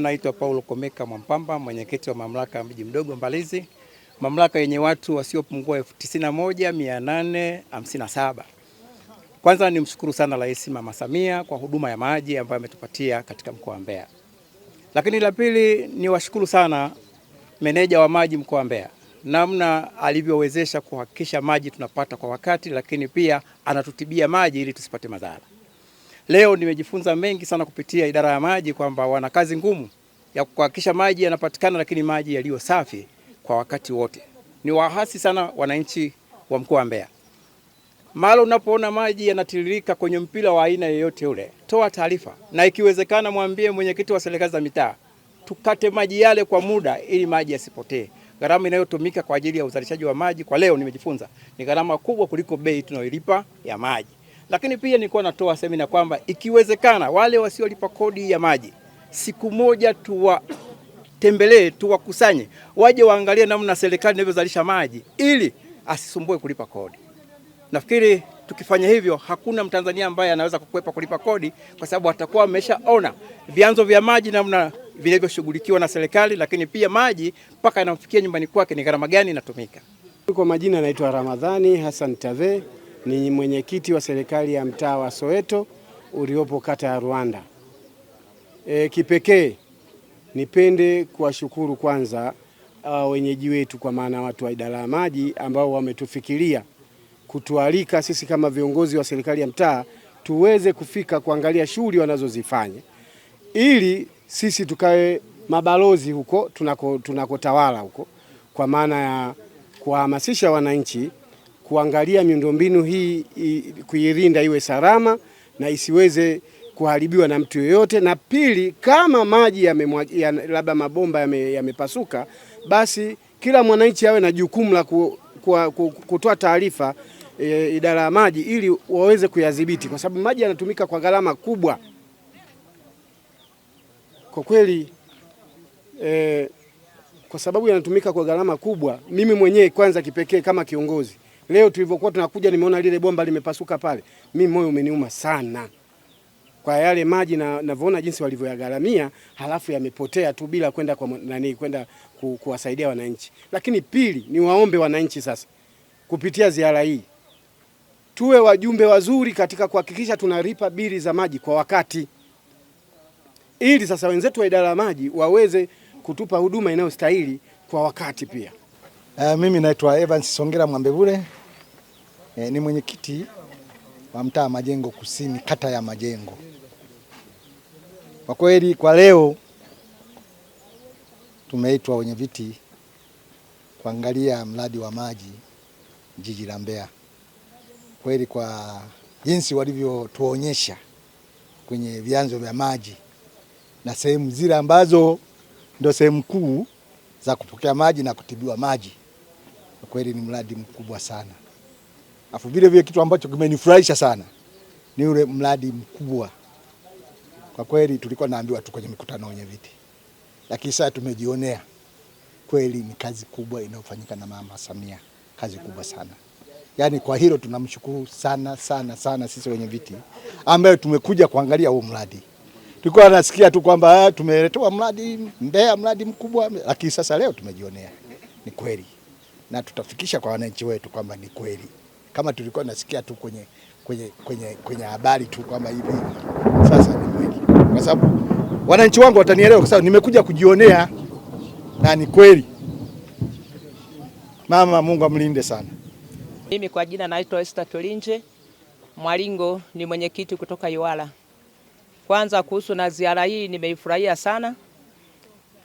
Naitwa Paulo Komeka Mwampamba, mwenyekiti wa mamlaka ya mji mdogo Mbalizi, mamlaka yenye watu wasiopungua 91857. Kwanza ni mshukuru sana Rais Mama Samia kwa huduma ya maji ambayo ametupatia katika mkoa wa Mbeya, lakini la pili ni washukuru sana meneja wa maji mkoa wa Mbeya namna alivyowezesha kuhakikisha maji tunapata kwa wakati, lakini pia anatutibia maji ili tusipate madhara. Leo nimejifunza mengi sana kupitia idara ya maji kwamba wana kazi ngumu ya kuhakikisha maji yanapatikana, lakini maji yaliyo safi kwa wakati wote. Ni wahasi sana wananchi wa mkoa wa Mbeya. Mara unapoona maji yanatiririka kwenye mpira wa aina yoyote ule, toa taarifa, na ikiwezekana mwambie mwenyekiti wa serikali za mitaa tukate maji yale kwa muda, ili maji yasipotee. Gharama inayotumika kwa ajili ya uzalishaji wa maji kwa leo nimejifunza ni gharama kubwa kuliko bei tunayolipa ya maji. Lakini pia nilikuwa natoa semina kwamba ikiwezekana wale wasiolipa kodi ya maji siku moja tuwatembelee, tuwakusanye, waje waangalie namna serikali inavyozalisha maji ili asisumbue kulipa kodi. Nafikiri tukifanya hivyo hakuna Mtanzania ambaye anaweza kukwepa kulipa kodi, kwa sababu atakuwa ameshaona vyanzo vya maji namna vilivyoshughulikiwa na serikali, lakini pia maji mpaka yanamfikia nyumbani kwake ni gharama gani inatumika. Kwa majina, naitwa Ramadhani Hassan Tave ni mwenyekiti wa serikali ya mtaa wa Soweto uliopo kata ya rwanda E, kipekee nipende kuwashukuru kwanza uh, wenyeji wetu kwa maana watu wa idara ya maji ambao wametufikiria kutualika sisi kama viongozi wa serikali ya mtaa tuweze kufika kuangalia shughuli wanazozifanya ili sisi tukawe mabalozi huko tunakotawala tunako huko, kwa maana ya kuwahamasisha wananchi kuangalia miundombinu hii kuilinda iwe salama na isiweze kuharibiwa na mtu yoyote, na pili, kama maji ya labda mabomba yamepasuka ya basi kila mwananchi awe na jukumu la ku, ku, ku, kutoa taarifa e, idara ya maji ili waweze kuyadhibiti, kwa sababu maji yanatumika kwa gharama kubwa kwa kweli e, kwa sababu yanatumika kwa gharama kubwa. Mimi mwenyewe kwanza, kipekee kama kiongozi Leo tulivyokuwa tunakuja, nimeona lile bomba limepasuka pale, mi moyo umeniuma sana kwa yale maji na navyoona jinsi walivyoyagharamia, halafu yamepotea tu bila kwenda kwa nani, kwenda ku, kuwasaidia wananchi. Lakini pili, ni waombe wananchi sasa, kupitia ziara hii tuwe wajumbe wazuri katika kuhakikisha tunalipa bili za maji kwa wakati, ili sasa wenzetu wa idara ya maji waweze kutupa huduma inayostahili kwa wakati pia. Uh, mimi naitwa Evans Songera Mwambevule e, eh, ni mwenyekiti wa mtaa Majengo Kusini, kata ya Majengo. Kwa kweli kwa leo tumeitwa wenye viti kuangalia mradi wa maji jiji la Mbeya. Kweli kwa jinsi walivyotuonyesha kwenye vyanzo vya maji na sehemu zile ambazo ndio sehemu kuu za kupokea maji na kutibiwa maji kweli ni mradi mkubwa sana. Afu vile vile kitu ambacho kimenifurahisha sana ni ule mradi mkubwa. Kwa kweli tulikuwa naambiwa tu kwenye mikutano yenye viti, lakini sasa tumejionea kweli ni kazi kubwa inayofanyika na Mama Samia, kazi kubwa sana. Yaani kwa hilo tunamshukuru sana sana sana sisi wenye viti ambayo tumekuja kuangalia huu mradi. Tulikuwa nasikia tu kwamba ah, tumeletewa mradi Mbeya, mradi mkubwa, lakini sasa leo tumejionea ni kweli na tutafikisha kwa wananchi wetu kwamba ni kweli, kama tulikuwa nasikia tu kwenye kwenye kwenye kwenye habari tu kwamba hivi sasa ni kweli, kwa sababu wananchi wangu watanielewa, kwa sababu nimekuja kujionea na ni kweli. Mama, Mungu amlinde sana. Mimi kwa jina naitwa Esther Tolinje Mwalingo, ni mwenyekiti kutoka Iwala. Kwanza kuhusu na ziara hii nimeifurahia sana,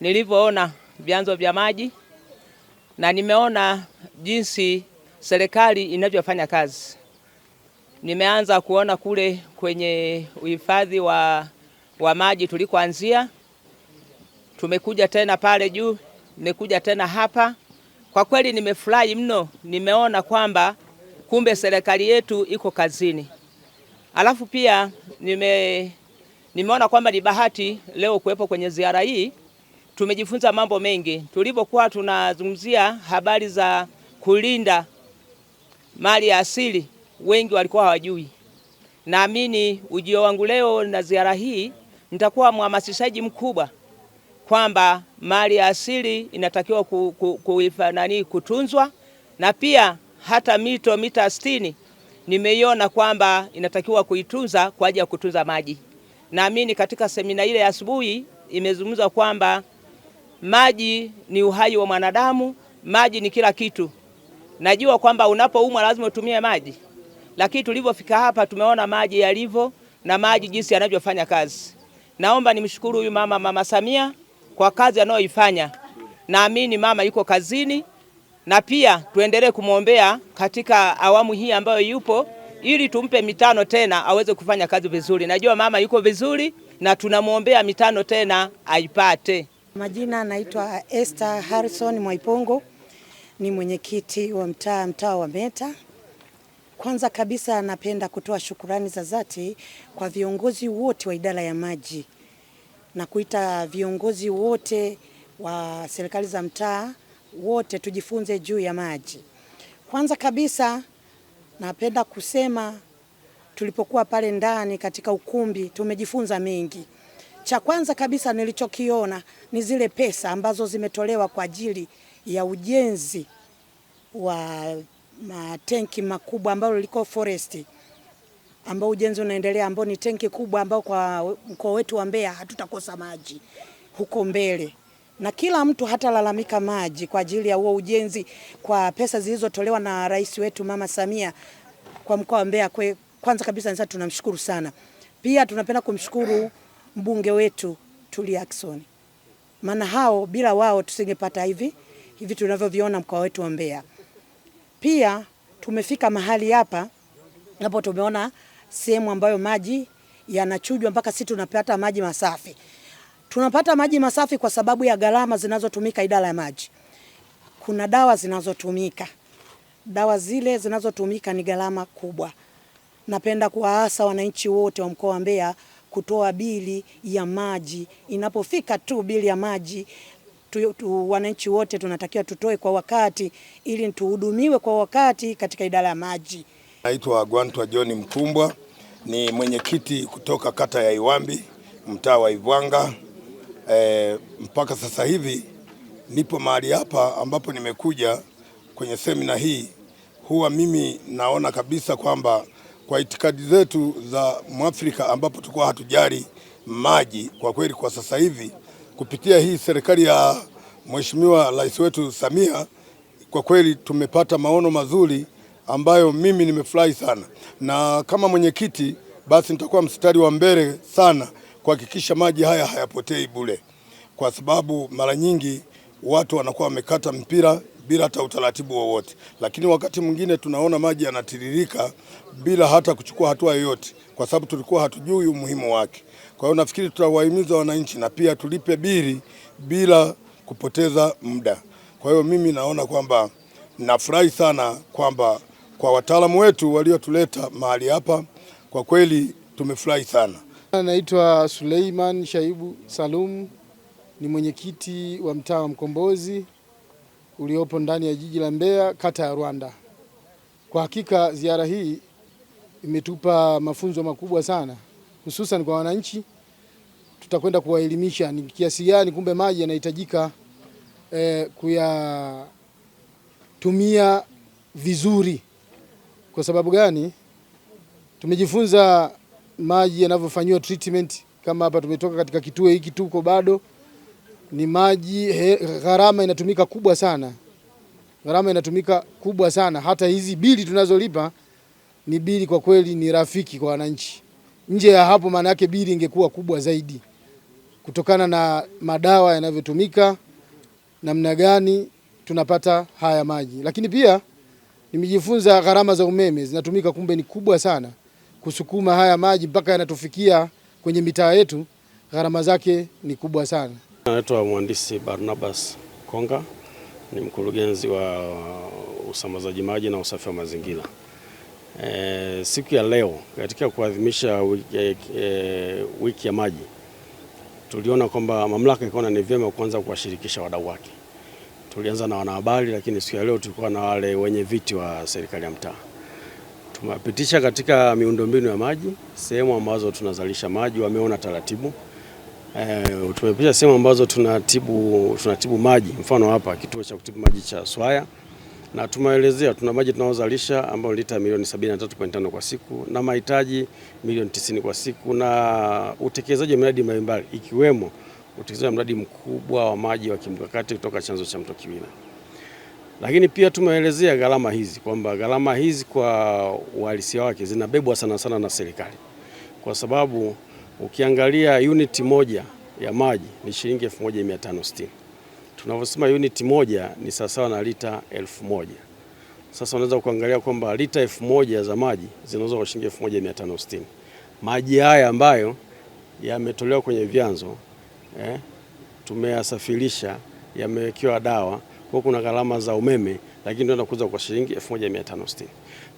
nilivyoona vyanzo vya maji na nimeona jinsi serikali inavyofanya kazi. Nimeanza kuona kule kwenye uhifadhi wa, wa maji tulikoanzia, tumekuja tena pale juu, nimekuja tena hapa. Kwa kweli nimefurahi mno, nimeona kwamba kumbe serikali yetu iko kazini. Alafu pia nime, nimeona kwamba ni bahati leo kuwepo kwenye ziara hii tumejifunza mambo mengi tulipokuwa tunazungumzia habari za kulinda mali ya asili, wengi walikuwa hawajui. Naamini ujio wangu leo na ziara hii nitakuwa mhamasishaji mkubwa kwamba mali ya asili inatakiwa ku, ku, kutunzwa, na pia hata mito mita sitini nimeiona kwamba inatakiwa kuitunza kwa ajili ya kutunza maji. Naamini katika semina ile ya asubuhi imezungumza kwamba Maji ni uhai wa mwanadamu, maji ni kila kitu. Najua kwamba unapoumwa lazima utumie maji, lakini tulivyofika hapa tumeona maji yalivyo na maji jinsi yanavyofanya kazi. Naomba nimshukuru huyu mama, Mama Samia kwa kazi anayoifanya. Naamini mama yuko kazini, na pia tuendelee kumwombea katika awamu hii ambayo yupo, ili tumpe mitano tena aweze kufanya kazi vizuri. Najua mama yuko vizuri, na tunamwombea mitano tena aipate. Majina naitwa Esther Harrison Mwaipongo, ni mwenyekiti wa mtaa mtaa wa Meta. Kwanza kabisa napenda kutoa shukurani za dhati kwa viongozi wote wa idara ya maji na kuita viongozi wote wa serikali za mtaa wote tujifunze juu ya maji. Kwanza kabisa napenda kusema tulipokuwa pale ndani katika ukumbi tumejifunza mengi. Cha kwanza kabisa nilichokiona ni zile pesa ambazo zimetolewa kwa ajili ya ujenzi wa matenki makubwa ambayo liko forest ambao ujenzi unaendelea ambao ni tenki kubwa ambao kwa mkoa wetu wa Mbeya hatutakosa maji huko mbele, na kila mtu hatalalamika maji kwa ajili ya huo ujenzi kwa pesa zilizotolewa na rais wetu Mama Samia kwa mkoa wa Mbeya. kwanza kabisa tunamshukuru sana. Pia tunapenda kumshukuru mbunge wetu Tulia Ackson, maana hao bila wao tusingepata hivi hivi tunavyoviona mkoa wetu wa Mbeya. Pia tumefika mahali hapa hapo, tumeona sehemu ambayo maji yanachujwa mpaka sisi tunapata maji masafi. Tunapata maji masafi kwa sababu ya gharama zinazotumika idara ya maji. Kuna dawa zinazotumika, dawa zile zinazotumika ni gharama kubwa. Napenda kuwaasa wananchi wote wa mkoa wa Mbeya kutoa bili ya maji. Inapofika tu bili ya maji tu, tu, wananchi wote tunatakiwa tutoe kwa wakati ili tuhudumiwe kwa wakati katika idara ya maji. Naitwa Gwantwa John Mkumbwa, ni mwenyekiti kutoka kata ya Iwambi mtaa wa Ivwanga. E, mpaka sasa hivi nipo mahali hapa ambapo nimekuja kwenye semina hii. Huwa mimi naona kabisa kwamba kwa itikadi zetu za Mwafrika ambapo tulikuwa hatujali maji, kwa kweli kwa sasa hivi kupitia hii serikali ya Mheshimiwa Rais wetu Samia, kwa kweli tumepata maono mazuri ambayo mimi nimefurahi sana, na kama mwenyekiti basi nitakuwa mstari wa mbele sana kuhakikisha maji haya hayapotei bure, kwa sababu mara nyingi watu wanakuwa wamekata mpira bila hata utaratibu wowote, lakini wakati mwingine tunaona maji yanatiririka bila hata kuchukua hatua yoyote, kwa sababu tulikuwa hatujui umuhimu wake. Kwa hiyo nafikiri tutawahimiza wananchi na pia tulipe bili bila kupoteza muda. Kwa hiyo mimi naona kwamba nafurahi sana kwamba kwa wataalamu wetu waliotuleta mahali hapa, kwa kweli tumefurahi sana. Naitwa Suleiman Shaibu Salum, ni mwenyekiti wa mtaa wa Mkombozi uliopo ndani ya jiji la Mbeya, kata ya rwanda Kwa hakika ziara hii imetupa mafunzo makubwa sana, hususan kwa wananchi. Tutakwenda kuwaelimisha ni kiasi gani kumbe maji yanahitajika eh, kuyatumia vizuri. Kwa sababu gani? Tumejifunza maji yanavyofanyiwa treatment, kama hapa tumetoka katika kituo hiki, tuko bado ni maji, gharama inatumika kubwa sana, gharama inatumika kubwa sana. Hata hizi bili tunazolipa ni bili kwa kweli ni rafiki kwa wananchi. Nje ya hapo, maana yake bili ingekuwa kubwa zaidi kutokana na madawa yanavyotumika, namna gani tunapata haya maji. Lakini pia nimejifunza gharama za umeme zinatumika, kumbe ni kubwa sana kusukuma haya maji mpaka yanatufikia kwenye mitaa yetu, gharama zake ni kubwa sana. Naitwa Mhandisi Barnabas Konga, ni mkurugenzi wa usambazaji maji na usafi wa mazingira. E, siku ya leo katika kuadhimisha wiki, e, e, wiki ya maji tuliona kwamba mamlaka ikaona ni vyema kuanza kuwashirikisha wadau wake. Tulianza na wanahabari, lakini siku ya leo tulikuwa na wale wenye viti wa serikali ya mtaa. Tumepitisha katika miundombinu ya maji, sehemu ambazo tunazalisha maji wameona taratibu Eh, tumepisha sehemu ambazo tunatibu, tunatibu maji, mfano hapa kituo cha kutibu maji cha Swaya na tumeelezea tuna maji tunaozalisha ambayo lita milioni 73.5 kwa siku na mahitaji milioni 90 kwa siku na utekelezaji wa miradi mbalimbali ikiwemo utekelezaji wa mradi mkubwa wa maji wa kimkakati kutoka chanzo cha mto Kiwina. Lakini pia tumeelezea gharama hizi kwamba gharama hizi kwa uhalisia wake zinabebwa sana sana na serikali kwa sababu Ukiangalia unit moja ya maji ni shilingi 1560. Tunavyosema unit moja ni sawasawa na lita 1000. Sasa unaweza kuangalia kwamba lita 1000 za maji zinauzwa kwa shilingi 1560. Maji haya ambayo yametolewa kwenye vyanzo eh, tumeyasafirisha yamewekewa dawa kwa kuna gharama za umeme, lakini ndio nakuza kwa shilingi 1560.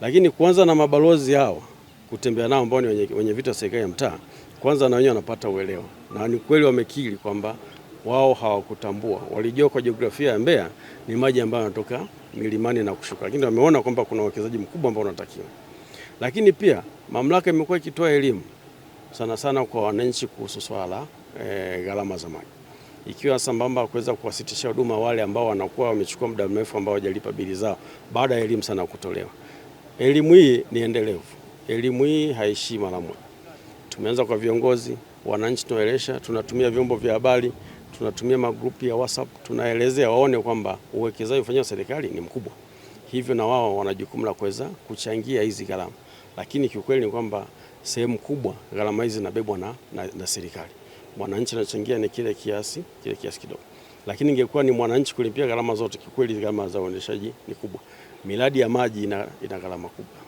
Lakini kuanza na mabalozi hao kutembea nao ambao ni wenye, wenye viti serikali ya mtaa kwanza na wenyewe wanapata uelewa, na ni kweli wamekiri kwamba wao hawakutambua. Walijua kwa jiografia ya Mbeya ni maji ambayo yanatoka milimani na kushuka, lakini wameona kwamba kuna uwekezaji mkubwa ambao unatakiwa. Lakini pia mamlaka imekuwa ikitoa elimu sana sana kwa wananchi kuhusu swala e, gharama za maji, ikiwa sambamba kuweza kuwasitisha huduma wale ambao wanakuwa wamechukua muda mrefu ambao hawajalipa bili zao, baada ya elimu sana kutolewa. Elimu hii ni endelevu, elimu hii haishii mara moja. Tumeanza kwa viongozi, wananchi tunaelesha, tunatumia vyombo vya habari, tunatumia magrupu ya WhatsApp, tunaelezea waone kwamba uwekezaji ufanyiwa serikali ni mkubwa, hivyo na wao wana jukumu la kuweza kuchangia hizi gharama, lakini kiukweli ni kwamba sehemu kubwa gharama hizi zinabebwa na, na, na serikali. Mwananchi anachangia ni kile kiasi kile kiasi kidogo, lakini ingekuwa ni mwananchi kulipia gharama zote, kiukweli gharama za uendeshaji ni kubwa. Miradi ya maji ina, ina gharama kubwa.